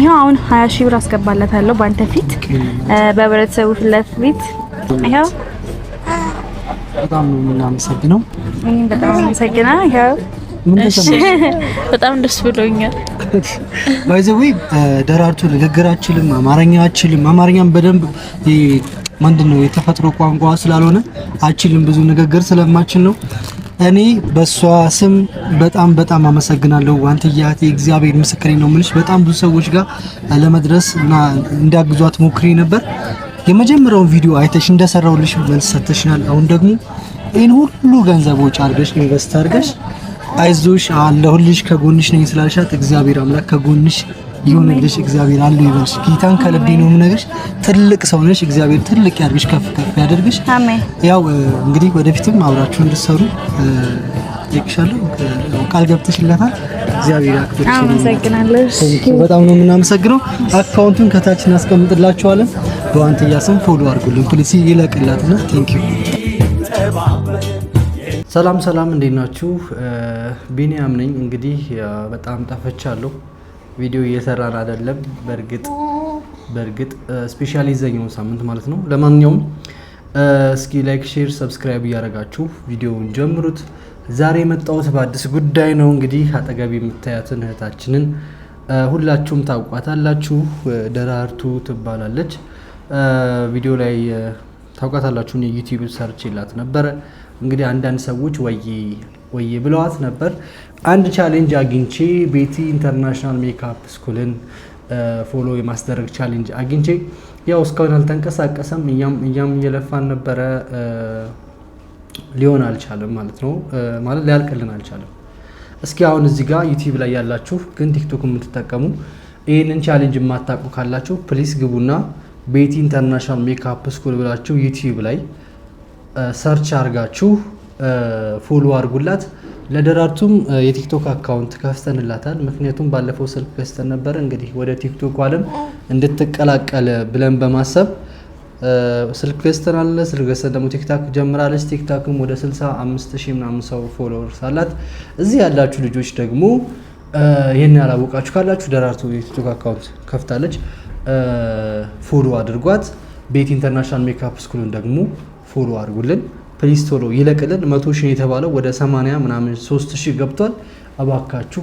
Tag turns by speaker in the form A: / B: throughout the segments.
A: ይኸው አሁን ሀያ ሺህ ብር አስገባላታለሁ በአንተ ፊት በህብረተሰቡ ፊት ፊት ይኸው
B: በጣም ነው የምናመሰግነው።
A: እኔም በጣም አመሰግናለሁ። ይኸው በጣም ደስ ብሎኛል። ዌይ ደራርቱ ንግግር አችልም፣ አማርኛ አችልም። አማርኛም በደንብ ምንድን ነው የተፈጥሮ ቋንቋ ስላልሆነ አችልም ብዙ ንግግር ስለማችል ነው እኔ በእሷ ስም በጣም በጣም አመሰግናለሁ። ዋንትያቴ እግዚአብሔር ምስክሬ ነው የምልሽ። በጣም ብዙ ሰዎች ጋር ለመድረስ እና እንዳግዟት ሞክሬ ነበር። የመጀመሪያውን ቪዲዮ አይተሽ እንደሰራውልሽ መልስ ሰተሽናል። አሁን ደግሞ ይህን ሁሉ ገንዘብ ገንዘቦች አድርገሽ ኢንቨስት አድርገሽ አይዞሽ አለሁልሽ ከጎንሽ ነኝ ስላልሻት እግዚአብሔር አምላክ ከጎንሽ ይሁንልሽ። እግዚአብሔር አለ ይበልሽ። ጌታን ከልቤ ነው የምነግርሽ። ትልቅ ሰው ነሽ። እግዚአብሔር ትልቅ ያድርግሽ፣ ከፍ ከፍ ያድርግሽ። ያው እንግዲህ ወደፊትም አብራችሁ እንድትሰሩ ይቅሻለሁ ቃል ገብተሽለታል። እግዚአብሔር ያክብርሽ። አመሰግናለሁ። በጣም ነው የምናመሰግነው። አካውንቱን ከታች እናስቀምጥላችኋለን። በዋንትያ ስም ፎሎ አድርጉልን ፖሊሲ ይለቅላትና ቴንክ ዩ። ሰላም ሰላም፣ እንዴት ናችሁ? ቢኒያም ነኝ። እንግዲህ በጣም ጠፍቻለሁ። ቪዲዮ እየሰራን አይደለም። በእርግጥ በእርግጥ ስፔሻል ዘኛውን ሳምንት ማለት ነው። ለማንኛውም እስኪ ላይክ፣ ሼር፣ ሰብስክራይብ እያደረጋችሁ ቪዲዮውን ጀምሩት። ዛሬ የመጣሁት በአዲስ ጉዳይ ነው። እንግዲህ አጠገብ የምታያትን እህታችንን ሁላችሁም ታውቋታላችሁ። ደራርቱ ትባላለች። ቪዲዮ ላይ ታውቋታላችሁ። ዩቲዩብ ሰርች ይላት ነበረ። እንግዲህ አንዳንድ ሰዎች ወይ ወዬ ብለዋት ነበር። አንድ ቻሌንጅ አግኝቼ ቤቲ ኢንተርናሽናል ሜካፕ ስኩልን ፎሎ የማስደረግ ቻሌንጅ አግኝቼ ያው እስካሁን አልተንቀሳቀሰም። እያም እየለፋን ነበረ፣ ሊሆን አልቻለም ማለት ነው። ማለት ሊያልቅልን አልቻለም። እስኪ አሁን እዚህ ጋር ዩቲዩብ ላይ ያላችሁ ግን ቲክቶክ የምትጠቀሙ ይህንን ቻሌንጅ የማታውቁ ካላችሁ ፕሊስ ግቡና ቤቲ ኢንተርናሽናል ሜካፕ ስኩል ብላችሁ ዩቲዩብ ላይ ሰርች አርጋችሁ ፎሎ አድርጉላት። ለደራርቱም የቲክቶክ አካውንት ከፍተንላታል። ምክንያቱም ባለፈው ስልክ ገዝተን ነበረ። እንግዲህ ወደ ቲክቶክ አለም እንድትቀላቀል ብለን በማሰብ ስልክ ገዝተናል። ስልክ ገዝተን ደግሞ ቲክታክ ጀምራለች። ቲክታክም ወደ 65 ሺህ ምናምን ሰው ፎሎወርስ አላት። እዚህ ያላችሁ ልጆች ደግሞ ይህን ያላወቃችሁ ካላችሁ ደራርቱ የቲክቶክ አካውንት ከፍታለች፣ ፎሎ አድርጓት። ቤት ኢንተርናሽናል ሜካፕ ስኩልን ደግሞ ፎሎ አድርጉልን። ፕሊስቶሮ ይለቅልን መቶ ሺህ የተባለው ወደ 80 ምናምን 3 ሺህ ገብቷል። እባካችሁ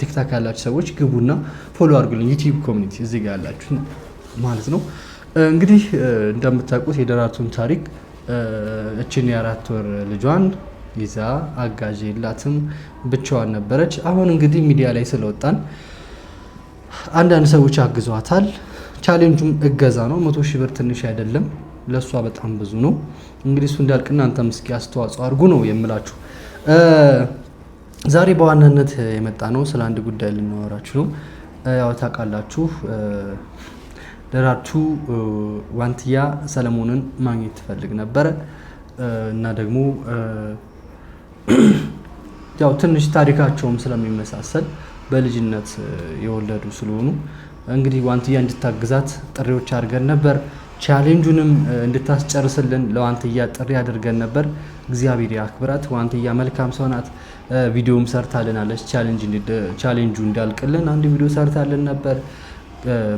A: ቲክታክ ያላችሁ ሰዎች ግቡና ፎሎ አድርጉልኝ። ዩቲዩብ ኮሚኒቲ እዚህ ጋር ያላችሁ ማለት ነው። እንግዲህ እንደምታውቁት የደራርቱን ታሪክ እችን የአራት ወር ልጇን ይዛ አጋዥ የላትም ብቻዋን ነበረች። አሁን እንግዲህ ሚዲያ ላይ ስለወጣን አንዳንድ ሰዎች አግዟታል። ቻሌንጁም እገዛ ነው። መቶ ሺህ ብር ትንሽ አይደለም። ለእሷ በጣም ብዙ ነው። እንግዲህ እሱ እንዳልቅና አንተም እስኪ አስተዋጽኦ አድርጉ ነው የምላችሁ። ዛሬ በዋናነት የመጣ ነው ስለ አንድ ጉዳይ ልናወራችሁ ነው። ያው ታውቃላችሁ ደራርቱ ዋንትያ ሰለሞንን ማግኘት ትፈልግ ነበረ እና ደግሞ ያው ትንሽ ታሪካቸውም ስለሚመሳሰል በልጅነት የወለዱ ስለሆኑ እንግዲህ ዋንትያ እንድታግዛት ጥሪዎች አድርገን ነበር። ቻሌንጁንም እንድታስጨርስልን ለዋንትያ ጥሪ አድርገን ነበር። እግዚአብሔር ያክብራት። ዋንትያ መልካም ሰው ናት። ቪዲዮም ሰርታልናለች። ቻሌንጁ እንዳልቅልን አንድ ቪዲዮ ሰርታልን ነበር።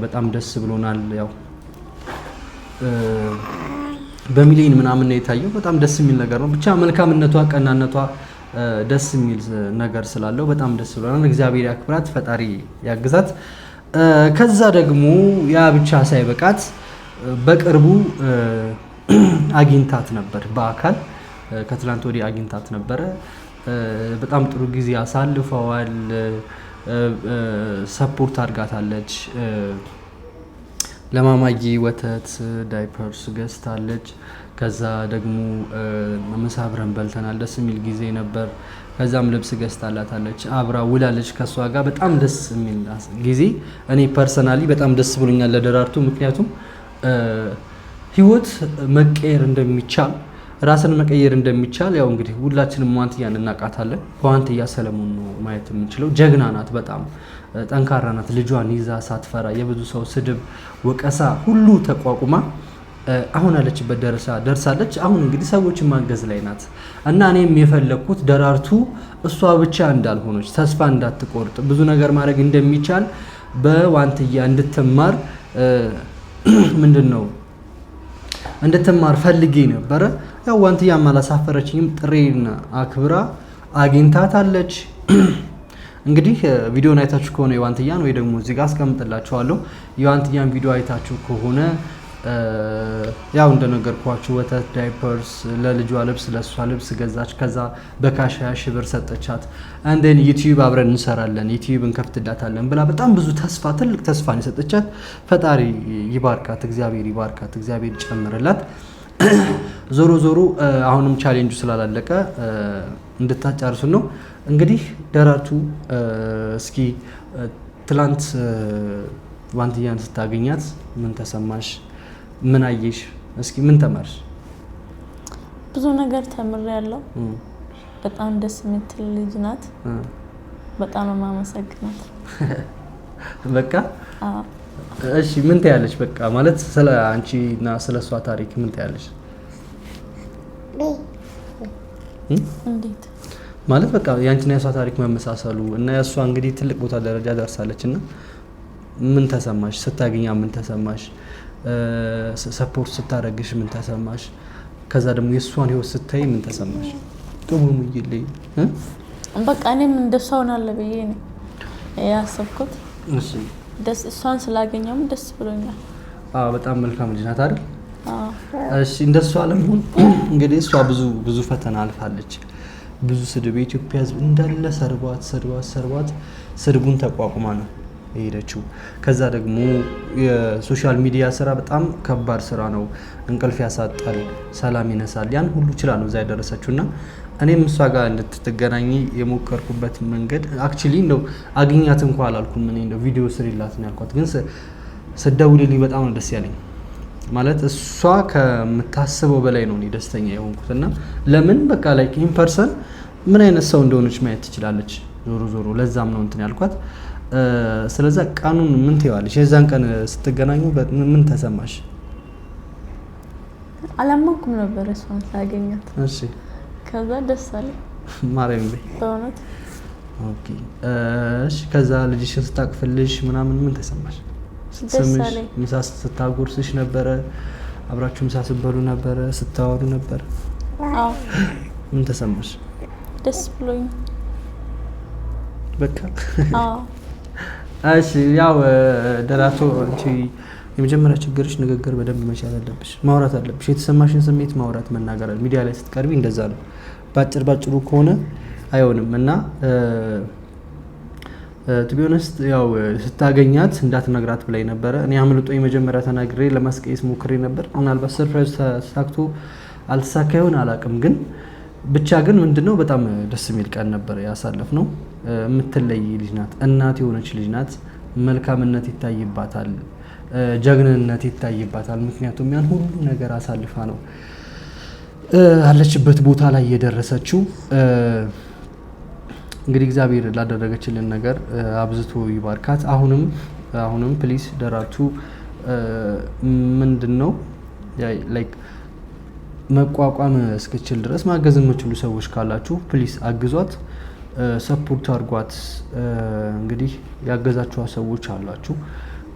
A: በጣም ደስ ብሎናል። ያው በሚሊዮን ምናምን ነው የታየው። በጣም ደስ የሚል ነገር ነው። ብቻ መልካምነቷ፣ ቀናነቷ ደስ የሚል ነገር ስላለው በጣም ደስ ብሎናል። እግዚአብሔር ያክብራት፣ ፈጣሪ ያግዛት። ከዛ ደግሞ ያ ብቻ ሳይበቃት በቅርቡ አግኝታት ነበር፣ በአካል ከትላንት ወዲህ አግኝታት ነበረ። በጣም ጥሩ ጊዜ አሳልፈዋል። ሰፖርት አድርጋታለች። ለማማጊ ወተት ዳይፐርስ ገዝታለች። ከዛ ደግሞ ምሳ አብረን በልተናል። ደስ የሚል ጊዜ ነበር። ከዛም ልብስ ገዝታላታለች። አብራ ውላለች ከእሷ ጋር በጣም ደስ የሚል ጊዜ። እኔ ፐርሰናሊ በጣም ደስ ብሎኛል ለደራርቱ ምክንያቱም ህይወት መቀየር እንደሚቻል ራስን መቀየር እንደሚቻል ያው እንግዲህ ሁላችንም ዋንትያን እናውቃታለን። በዋንትያ ሰለሞን ነው ማየት የምንችለው። ጀግና ናት፣ በጣም ጠንካራ ናት። ልጇን ይዛ ሳትፈራ የብዙ ሰው ስድብ፣ ወቀሳ ሁሉ ተቋቁማ አሁን ያለችበት ደረሳ ደርሳለች። አሁን እንግዲህ ሰዎችን ማገዝ ላይ ናት እና እኔም የፈለግኩት ደራርቱ እሷ ብቻ እንዳልሆነች ተስፋ እንዳትቆርጥ ብዙ ነገር ማድረግ እንደሚቻል በዋንትያ እንድትማር ምንድን ነው እንድትማር ፈልጌ ነበረ። ያው ዋንትያም አላሳፈረችኝም። ጥሬን አክብራ አግኝታታለች። እንግዲህ ቪዲዮን አይታችሁ ከሆነ የዋንትያን ወይ ደግሞ እዚህ ጋር አስቀምጥላችኋለሁ የዋንትያን ቪዲዮ አይታችሁ ከሆነ ያው እንደነገርኳችሁ ወተት፣ ዳይፐርስ ለልጇ ልብስ፣ ለእሷ ልብስ ገዛች። ከዛ በካሽ ሃያ ሺህ ብር ሰጠቻት። አንዴን ዩቲዩብ አብረን እንሰራለን ዩቲዩብ እንከፍትላታለን ብላ በጣም ብዙ ተስፋ ትልቅ ተስፋን የሰጠቻት ፈጣሪ ይባርካት፣ እግዚአብሔር ይባርካት፣ እግዚአብሔር ይጨምርላት። ዞሮ ዞሮ አሁንም ቻሌንጁ ስላላለቀ እንድታጫርሱ ነው እንግዲህ ደራርቱ እስኪ ትላንት ዋንትያን ስታገኛት ምን ተሰማሽ? ምን አየሽ? እስኪ ምን ተማርሽ? ብዙ ነገር ተምሬያለሁ። በጣም ደስ የምትል ልጅ ናት። በጣም የማመሰግናት። በቃ እሺ፣ ምን ታያለሽ? በቃ ማለት ስለ አንቺ እና ስለ እሷ ታሪክ ምን ታያለሽ? እንዴት ማለት በቃ ያንቺና የእሷ ታሪክ መመሳሰሉ እና የእሷ እንግዲህ ትልቅ ቦታ ደረጃ ደርሳለች እና ምን ተሰማሽ ስታገኛ? ምን ተሰማሽ? ሰፖርት ስታደረግሽ ምን ተሰማሽ? ከዛ ደግሞ የእሷን ህይወት ስታይ ምን ተሰማሽ? ጥሩ ይልይ በቃ እኔም እንደሷ ሆናለሁ ብዬ ነው ያሰብኩት። ደስ እሷን ስላገኘውም ደስ ብሎኛል። በጣም መልካም ልጅ ናት አይደል? እሺ እንደሷ ለመሆን እንግዲህ እሷ ብዙ ብዙ ፈተና አልፋለች። ብዙ ስድብ የኢትዮጵያ ህዝብ እንዳለ ሰርቧት ሰርቧት ሰርቧት ስድቡን ተቋቁማ ነው የሄደችው። ከዛ ደግሞ የሶሻል ሚዲያ ስራ በጣም ከባድ ስራ ነው። እንቅልፍ ያሳጣል፣ ሰላም ይነሳል። ያን ሁሉ ችላ ነው እዛ ያደረሰችው እና እኔም እሷ ጋር እንድትገናኝ የሞከርኩበት መንገድ አክቹሊ እንደው አግኛት እንኳ አላልኩም። እኔ እንደው ቪዲዮ ስሪላት ነው ያልኳት፣ ግን ስደውልልኝ በጣም ነው ደስ ያለኝ። ማለት እሷ ከምታስበው በላይ ነው እኔ ደስተኛ የሆንኩት እና ለምን በቃ ላይክ ኢን ፐርሰን ምን አይነት ሰው እንደሆነች ማየት ትችላለች። ዞሮ ዞሮ ለዛም ነው እንትን ያልኳት። ስለዛ ቀኑን ምን ትይዋለሽ? የዛን ቀን ስትገናኙ ምን ተሰማሽ? አላመንኩም ነበር እሷን ሳገኛት። እሺ ከዛ ደስ አለ ማርያም ቤ በእውነት ኦኬ። እሺ ከዛ ልጅሽን ስታቅፍልሽ ምናምን ምን ተሰማሽ? ስምሽ ምሳ ስታጎርስሽ ነበረ? አብራችሁ ምሳ ስበሉ ነበረ? ስታወሩ ነበረ? አዎ። ምን ተሰማሽ? ደስ ብሎኝ በቃ አዎ እሺ ያው ደራቶ አንቺ የመጀመሪያ ችግርሽ ንግግር በደንብ መቻል አለብሽ፣ ማውራት አለብሽ። የተሰማሽን ስሜት ማውራት መናገር አለ። ሚዲያ ላይ ስትቀርቢ እንደዛ ነው። ባጭር ባጭሩ ከሆነ አይሆንም እና ቱቢሆነስት ያው ስታገኛት እንዳትነግራት ብላኝ ነበረ። እኔ አምልጦ የመጀመሪያ ተናግሬ ለማስቀየስ ሞክሬ ነበር። ምናልባት ሰርፕራይዝ ተሳክቶ አልተሳካ ይሆን አላውቅም ግን ብቻ ግን ምንድነው በጣም ደስ የሚል ቀን ነበር ያሳለፍ ነው። የምትለይ ልጅ ናት፣ እናት የሆነች ልጅ ናት። መልካምነት ይታይባታል፣ ጀግንነት ይታይባታል። ምክንያቱም ያን ሁሉ ነገር አሳልፋ ነው አለችበት ቦታ ላይ የደረሰችው። እንግዲህ እግዚአብሔር ላደረገችልን ነገር አብዝቶ ይባርካት። አሁንም አሁንም ፕሊስ ደራርቱ ምንድን ነው ላይክ መቋቋም እስክችል ድረስ ማገዝ የምችሉ ሰዎች ካላችሁ ፕሊስ አግዟት፣ ሰፖርት አድርጓት። እንግዲህ ያገዛችኋ ሰዎች አላችሁ፣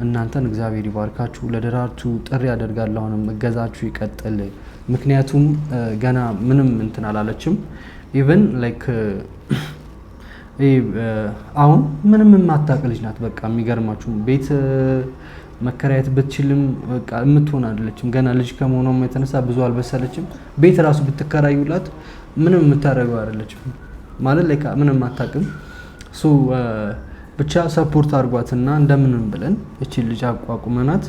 A: እናንተን እግዚአብሔር ይባርካችሁ። ለደራርቱ ጥሪ ያደርጋለሁ፣ አሁንም እገዛችሁ ይቀጥል። ምክንያቱም ገና ምንም እንትን አላለችም። ኢቨን ላይክ አሁን ምንም የማታውቅ ልጅ ናት። በቃ የሚገርማችሁ ቤት መከራየት ብትችልም በቃ የምትሆን አይደለችም። ገና ልጅ ከመሆኗም የተነሳ ብዙ አልበሰለችም። ቤት ራሱ ብትከራዩላት ምንም የምታደርገው አይደለችም ማለት ላይ ምንም አታውቅም። እሱ ብቻ ሰፖርት አድርጓትና እንደምንም ብለን እቺን ልጅ አቋቁመናት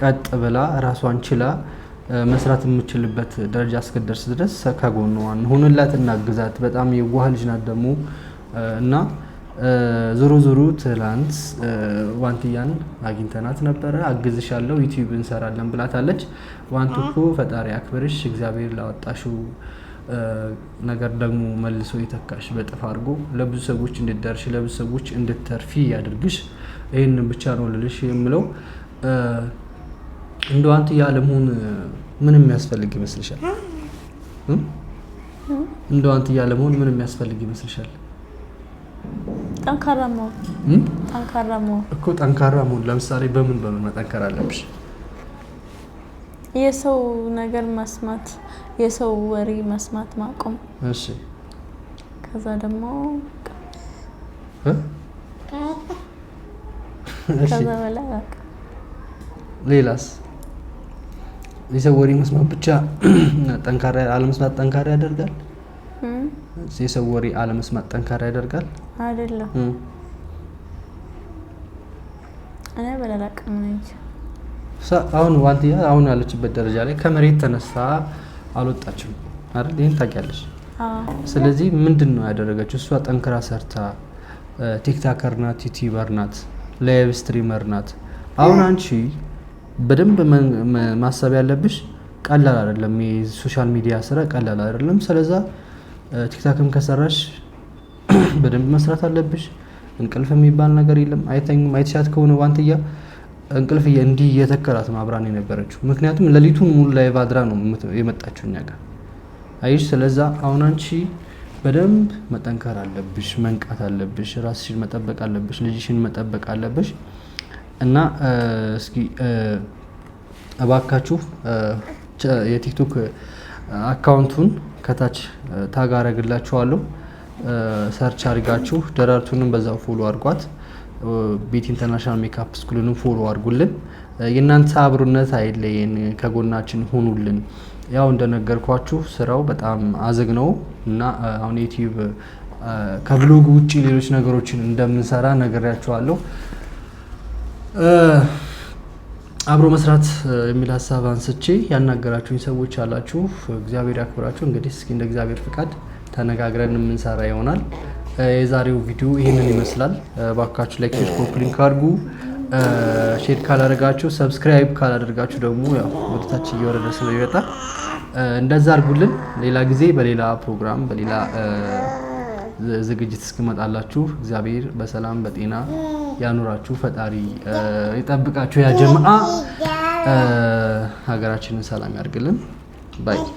A: ቀጥ ብላ ራሷን ችላ መስራት የምችልበት ደረጃ እስክደርስ ድረስ ከጎኗ እንሆንላት፣ እናግዛት። በጣም የዋህ ልጅ ናት ደግሞ እና ዞሮ ዞሮ ትላንት ዋንትያን አግኝተናት ነበረ። አግዝሻለሁ ዩቲዩብ እንሰራለን ብላታለች። ዋንቱ እኮ ፈጣሪ አክብርሽ፣ እግዚአብሔር ላወጣሽው ነገር ደግሞ መልሶ የተካሽ በጥፍ አድርጎ ለብዙ ሰዎች እንድደርሽ ለብዙ ሰዎች እንድትተርፊ ያድርግሽ። ይህንን ብቻ ነው ልልሽ የምለው። እንደ ዋንትያ ለመሆን ምን የሚያስፈልግ ይመስልሻል? እንደ ዋንትያ ለመሆን ምን የሚያስፈልግ ይመስልሻል? ጠንካራ መሆን ጠንካራ መሆን እኮ ጠንካራ መሆን ለምሳሌ በምን በምን መጠንከር አለብሽ? የሰው ነገር መስማት፣ የሰው ወሬ መስማት ማቆም። እሺ። ከዛ ደግሞ ከዛ በላይ በቃ ሌላስ? የሰው ወሬ መስማት ብቻ ጠንካራ አለመስማት ጠንካራ ያደርጋል። የሰው ወሬ አለመስማት ጠንካራ ያደርጋል። አይደለም እኔ በላላቅም ነች። አሁን ዋልያ አሁን ያለችበት ደረጃ ላይ ከመሬት ተነሳ አልወጣችም አይደል? ይህን ታውቂያለሽ። ስለዚህ ምንድን ነው ያደረገችው? እሷ ጠንክራ ሰርታ ቲክታከር ናት፣ ዩቲዩበር ናት፣ ላይቭ ስትሪመር ናት። አሁን አንቺ በደንብ ማሰብ ያለብሽ ቀላል አይደለም። የሶሻል ሚዲያ ስራ ቀላል አይደለም። ስለዛ ቲክታክም ከሰራሽ በደንብ መስራት አለብሽ። እንቅልፍ የሚባል ነገር የለም። አይተኝም አይተሻት ከሆነ ዋንትያ እንቅልፍ እንዲህ እየተከላት ማብራን የነበረችው ምክንያቱም ሌሊቱን ሙሉ ላይ ባድራ ነው የመጣችው እኛ ጋር አይሽ። ስለዛ አሁን አንቺ በደንብ መጠንከር አለብሽ፣ መንቃት አለብሽ፣ ራስሽን መጠበቅ አለብሽ፣ ልጅሽን መጠበቅ አለብሽ። እና እስኪ እባካችሁ የቲክቶክ አካውንቱን ከታች ታጋረግላችኋለሁ። ሰርች አድርጋችሁ ደራርቱንም በዛው ፎሎ አድርጓት። ቤት ኢንተርናሽናል ሜካፕ ስኩልንም ፎሎ አድርጉልን። የእናንተ አብሮነት አይለየን፣ ከጎናችን ሆኑልን ያው እንደነገርኳችሁ ስራው በጣም አዝግ ነው እና አሁን ዩቲዩብ ከብሎግ ውጭ ሌሎች ነገሮችን እንደምንሰራ ነግሬያችኋለሁ። አብሮ መስራት የሚል ሀሳብ አንስቼ ያናገራችሁኝ ሰዎች አላችሁ፣ እግዚአብሔር ያክብራችሁ። እንግዲህ እስኪ እንደ እግዚአብሔር ፍቃድ ተነጋግረን የምንሰራ ይሆናል። የዛሬው ቪዲዮ ይህንን ይመስላል። ባካችሁ ላይክ፣ ሼር፣ ኮፕሊንክ አድርጉ። ሼር ካላደረጋችሁ፣ ሰብስክራይብ ካላደረጋችሁ ደግሞ ያው ወደታች እየወረደ ስለሚመጣ እንደዛ አድርጉልን። ሌላ ጊዜ በሌላ ፕሮግራም በሌላ ዝግጅት እስክመጣላችሁ እግዚአብሔር በሰላም በጤና ያኑራችሁ። ፈጣሪ ይጠብቃችሁ። ያጀምአ ሀገራችንን ሰላም ያድርግልን ባይ